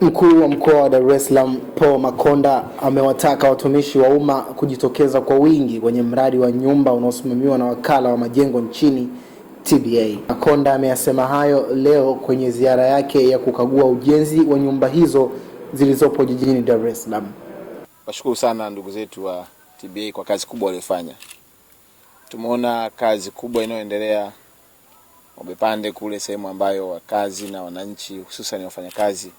Mkuu wa mkoa wa Dar es Salaam Paul Makonda amewataka watumishi wa umma kujitokeza kwa wingi kwenye mradi wa nyumba unaosimamiwa na wakala wa majengo nchini TBA. Makonda ameyasema hayo leo kwenye ziara yake ya kukagua ujenzi wa nyumba hizo zilizopo jijini Dar es Salaam. Washukuru sana ndugu zetu wa TBA kwa kazi kubwa waliofanya. Tumeona kazi kubwa inayoendelea wamepande kule, sehemu ambayo wakazi na wananchi hususan wafanyakazi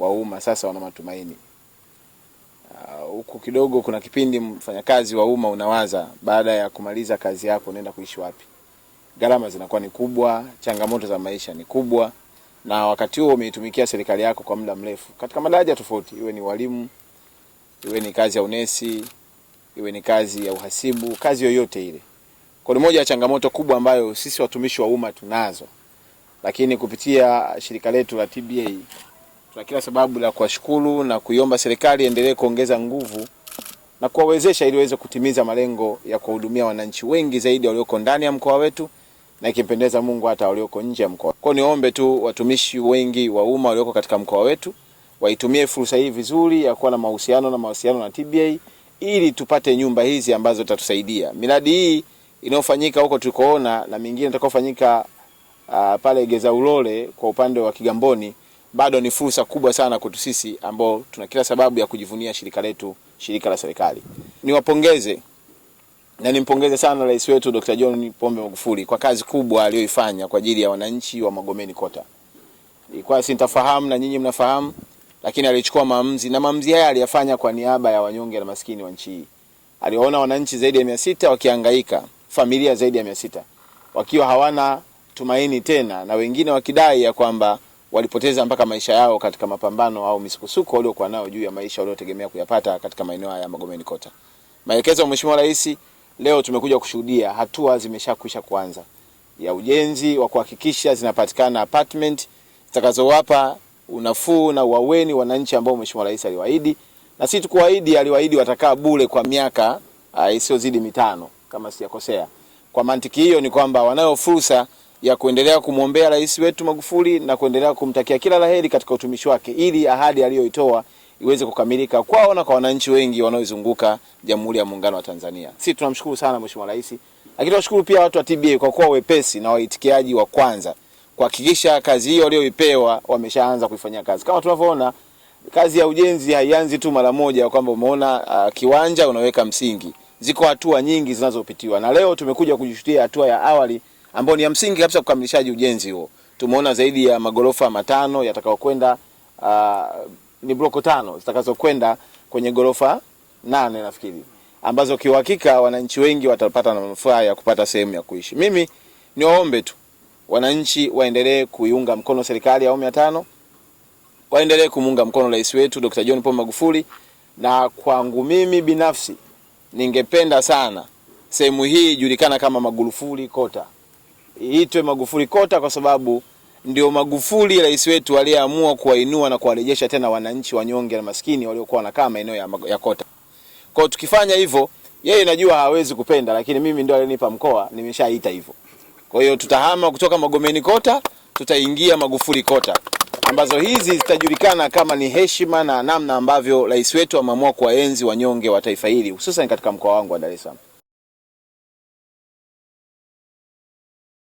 wa umma sasa wana matumaini ah, huku. Uh, kidogo kuna kipindi mfanyakazi wa umma unawaza, baada ya kumaliza kazi yako unaenda kuishi wapi? Gharama zinakuwa ni kubwa, changamoto za maisha ni kubwa, na wakati huo umeitumikia serikali yako kwa muda mrefu katika madaraja tofauti, iwe ni walimu, iwe ni kazi ya unesi, iwe ni kazi ya uhasibu, kazi yoyote ile. Kwa ni moja ya changamoto kubwa ambayo sisi watumishi wa umma tunazo, lakini kupitia shirika letu la TBA Tuna kila sababu la kuwashukuru na kuiomba serikali endelee kuongeza nguvu na kuwawezesha ili waweze kutimiza malengo ya kuwahudumia wananchi wengi zaidi walioko ndani ya mkoa wetu na ikimpendeza Mungu hata walioko nje ya mkoa. Kwa niombe tu watumishi wengi wa umma walioko katika mkoa wetu waitumie fursa hii vizuri ya kuwa na mahusiano na mahusiano na TBA ili tupate nyumba hizi ambazo zitatusaidia. Miradi hii inayofanyika huko tulikoona na mingine itakayofanyika uh, pale Geza Ulole kwa upande wa Kigamboni bado ni fursa kubwa sana kwetu sisi ambao tuna kila sababu ya kujivunia shirika letu, shirika la serikali. Niwapongeze na nimpongeze sana rais wetu Dr. John Pombe Magufuli kwa kazi kubwa aliyoifanya kwa ajili ya wananchi wa Magomeni Kota. Ilikuwa sintafahamu na nyinyi mnafahamu, lakini alichukua maamuzi na maamuzi haya aliyafanya kwa niaba ya wanyonge na maskini wa nchi hii. Aliwaona wananchi zaidi ya mia sita wakihangaika, familia zaidi ya mia sita wakiwa hawana tumaini tena, na wengine wakidai ya kwamba walipoteza mpaka maisha yao katika mapambano au misukosuko waliokuwa nao juu ya maisha waliotegemea kuyapata katika maeneo haya Magomeni Kota. Maelekezo ya Mheshimiwa Rais leo tumekuja kushuhudia hatua zimeshakwisha kuanza ya ujenzi wa kuhakikisha zinapatikana apartment zitakazowapa unafuu na uaweni wananchi ambao Mheshimiwa Rais aliwaahidi, na si tukuahidi, aliwaahidi watakaa bure kwa miaka ah, isiyozidi mitano kama sijakosea. Kwa mantiki hiyo ni kwamba wanayo fursa ya kuendelea kumwombea rais wetu Magufuli na kuendelea kumtakia kila laheri katika utumishi wake ili ahadi aliyoitoa iweze kukamilika kwao na kwa wananchi wengi wanaoizunguka Jamhuri ya Muungano wa Tanzania. Sisi tunamshukuru sana Mheshimiwa Rais, lakini tunashukuru pia watu wa TBA kwa kuwa wepesi na waitikiaji wa kwanza kuhakikisha kazi hiyo walioipewa wameshaanza kuifanyia kazi. Kama tunavyoona kazi ya ujenzi haianzi tu mara moja, kwamba umeona uh, kiwanja unaweka msingi. Ziko hatua nyingi zinazopitiwa, na leo tumekuja kujishutia hatua ya awali ambayo ni ya msingi kabisa kukamilishaji ujenzi huo. Tumeona zaidi ya magorofa matano yatakayokwenda uh, ni bloko tano zitakazokwenda kwenye gorofa nane nafikiri, ambazo kiuhakika wananchi wengi watapata na manufaa ya kupata sehemu ya kuishi. Mimi ni waombe tu wananchi waendelee kuiunga mkono serikali ya awamu ya tano, waendelee kumuunga mkono rais wetu Dr. John Pombe Magufuli, na kwangu mimi binafsi ningependa sana sehemu hii ijulikana kama Magufuli Kota iitwe Magufuli Kota kwa sababu ndio Magufuli rais wetu aliyeamua kuwainua na kuwarejesha tena wananchi wanyonge na maskini waliokuwa wanakaa maeneo ya, ya Kota. Kwa tukifanya hivyo, yeye najua hawezi kupenda, lakini mimi ndio alinipa mkoa, nimeshaita hivyo. Kwa hiyo tutahama kutoka Magomeni Kota tutaingia Magufuli Kota ambazo hizi zitajulikana kama ni heshima na namna ambavyo rais wetu ameamua kuwaenzi wanyonge wa taifa hili hususan katika mkoa wangu wa Dar es Salaam.